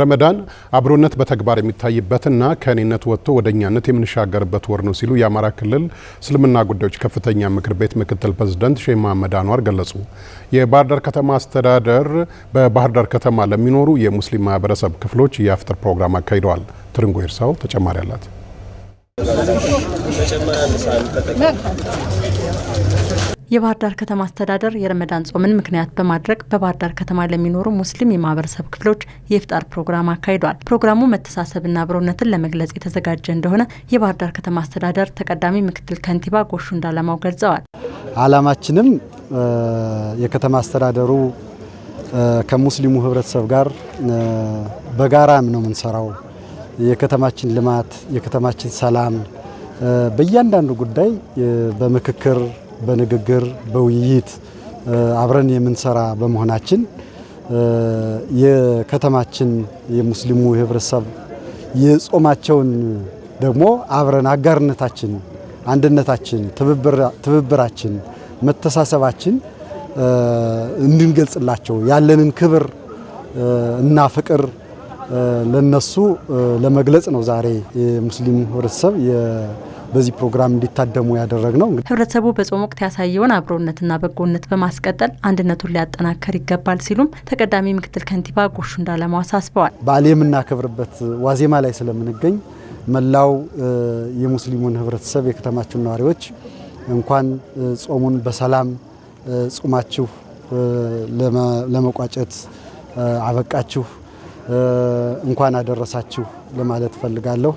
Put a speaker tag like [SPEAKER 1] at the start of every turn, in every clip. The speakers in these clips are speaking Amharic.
[SPEAKER 1] ረመዳን አብሮነት በተግባር የሚታይበትና ከእኔነት ወጥቶ ወደ እኛነት የምንሻገርበት ወር ነው ሲሉ የአማራ ክልል እስልምና ጉዳዮች ከፍተኛ ምክር ቤት ምክትል ፕሬዝዳንት ሼህ መሐመድ አንዋር ገለጹ። የባህር ዳር ከተማ አስተዳደር በባህር ዳር ከተማ ለሚኖሩ የሙስሊም ማህበረሰብ ክፍሎች የአፍጥር ፕሮግራም አካሂደዋል። ትርንጎ ይርሳው ተጨማሪ አላት።
[SPEAKER 2] የባህር ዳር ከተማ አስተዳደር የረመዳን ጾምን ምክንያት በማድረግ በባህር ዳር ከተማ ለሚኖሩ ሙስሊም የማህበረሰብ ክፍሎች የፍጣር ፕሮግራም አካሂዷል። ፕሮግራሙ መተሳሰብና አብሮነትን ለመግለጽ የተዘጋጀ እንደሆነ የባህር ዳር ከተማ አስተዳደር ተቀዳሚ ምክትል ከንቲባ ጎሹ እንዳለማው ገልጸዋል።
[SPEAKER 3] አላማችንም የከተማ አስተዳደሩ ከሙስሊሙ ህብረተሰብ ጋር በጋራም ነው የምንሰራው። የከተማችን ልማት፣ የከተማችን ሰላም በእያንዳንዱ ጉዳይ በምክክር በንግግር በውይይት አብረን የምንሰራ በመሆናችን የከተማችን የሙስሊሙ ህብረተሰብ የጾማቸውን ደግሞ አብረን አጋርነታችን፣ አንድነታችን፣ ትብብራችን፣ መተሳሰባችን እንድንገልጽላቸው ያለንን ክብር እና ፍቅር ለነሱ ለመግለጽ ነው ዛሬ የሙስሊሙ ህብረተሰብ በዚህ ፕሮግራም እንዲታደሙ ያደረግ ነው።
[SPEAKER 2] ህብረተሰቡ በጾም ወቅት ያሳየውን አብሮነትና በጎነት በማስቀጠል አንድነቱን ሊያጠናከር ይገባል ሲሉም ተቀዳሚ ምክትል ከንቲባ ጎሹ እንዳለማው አሳስበዋል።
[SPEAKER 3] በዓል የምናከብርበት ዋዜማ ላይ ስለምንገኝ መላው የሙስሊሙን ህብረተሰብ የከተማችን ነዋሪዎች እንኳን ጾሙን በሰላም ጾማችሁ ለመቋጨት አበቃችሁ እንኳን አደረሳችሁ ለማለት ፈልጋለሁ።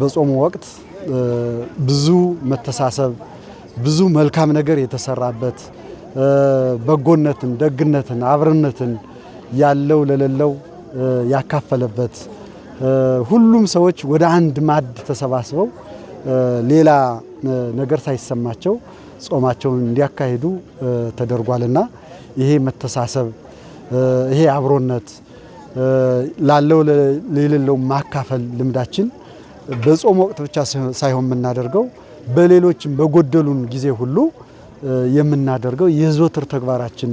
[SPEAKER 3] በጾሙ ወቅት ብዙ መተሳሰብ፣ ብዙ መልካም ነገር የተሰራበት በጎነትን፣ ደግነትን፣ አብርነትን ያለው ለሌለው ያካፈለበት ሁሉም ሰዎች ወደ አንድ ማድ ተሰባስበው ሌላ ነገር ሳይሰማቸው ጾማቸውን እንዲያካሂዱ ተደርጓልና ይሄ መተሳሰብ፣ ይሄ አብሮነት ላለው ለሌለው ማካፈል ልምዳችን በጾም ወቅት ብቻ ሳይሆን የምናደርገው በሌሎችም በጎደሉን ጊዜ ሁሉ የምናደርገው የዘወትር ተግባራችን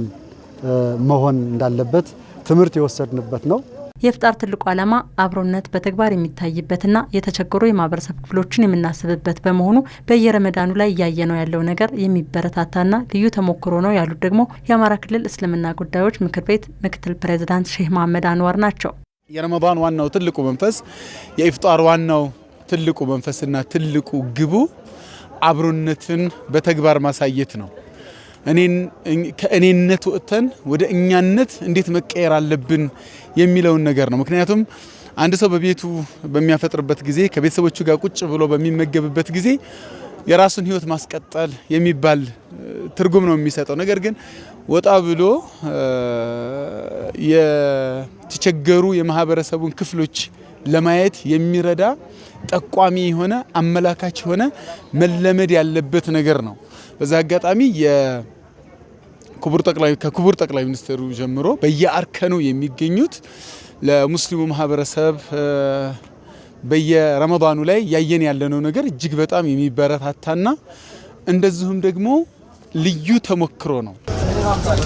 [SPEAKER 3] መሆን እንዳለበት ትምህርት የወሰድንበት ነው።
[SPEAKER 2] የፍጣር ትልቁ ዓላማ አብሮነት በተግባር የሚታይበትና የተቸገሩ የማህበረሰብ ክፍሎችን የምናስብበት በመሆኑ በየረመዳኑ ላይ እያየነው ያለው ነገር የሚበረታታና ልዩ ተሞክሮ ነው ያሉት ደግሞ የአማራ ክልል እስልምና ጉዳዮች ምክር ቤት ምክትል ፕሬዚዳንት ሼህ መሐመድ አንዋር ናቸው።
[SPEAKER 4] የረመዳን ዋናው ትልቁ መንፈስ የኢፍጣር ዋናው ትልቁ መንፈስና ትልቁ ግቡ አብሮነትን በተግባር ማሳየት ነው። ከእኔነት ወጥተን ወደ እኛነት እንዴት መቀየር አለብን የሚለውን ነገር ነው። ምክንያቱም አንድ ሰው በቤቱ በሚያፈጥርበት ጊዜ ከቤተሰቦቹ ጋር ቁጭ ብሎ በሚመገብበት ጊዜ የራሱን ሕይወት ማስቀጠል የሚባል ትርጉም ነው የሚሰጠው። ነገር ግን ወጣ ብሎ የተቸገሩ የማህበረሰቡን ክፍሎች ለማየት የሚረዳ ጠቋሚ የሆነ አመላካች የሆነ መለመድ ያለበት ነገር ነው። በዛ አጋጣሚ ከክቡር ጠቅላይ ሚኒስትሩ ጀምሮ በየአርከኑ የሚገኙት ለሙስሊሙ ማህበረሰብ በየረመዳኑ ላይ ያየን ያለነው ነገር እጅግ በጣም የሚበረታታና እንደዚሁም ደግሞ ልዩ ተሞክሮ ነው።